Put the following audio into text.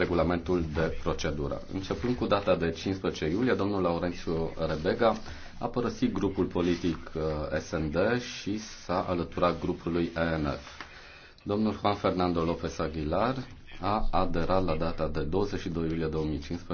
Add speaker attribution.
Speaker 1: regulamentul de procedură. Începând cu data de 15 iulie, domnul Laurențiu Rebega a părăsit grupul politic uh, SND și s-a alăturat grupului ENF. Domnul Juan Fernando López Aguilar a aderat la
Speaker 2: data de 22 iulie 2015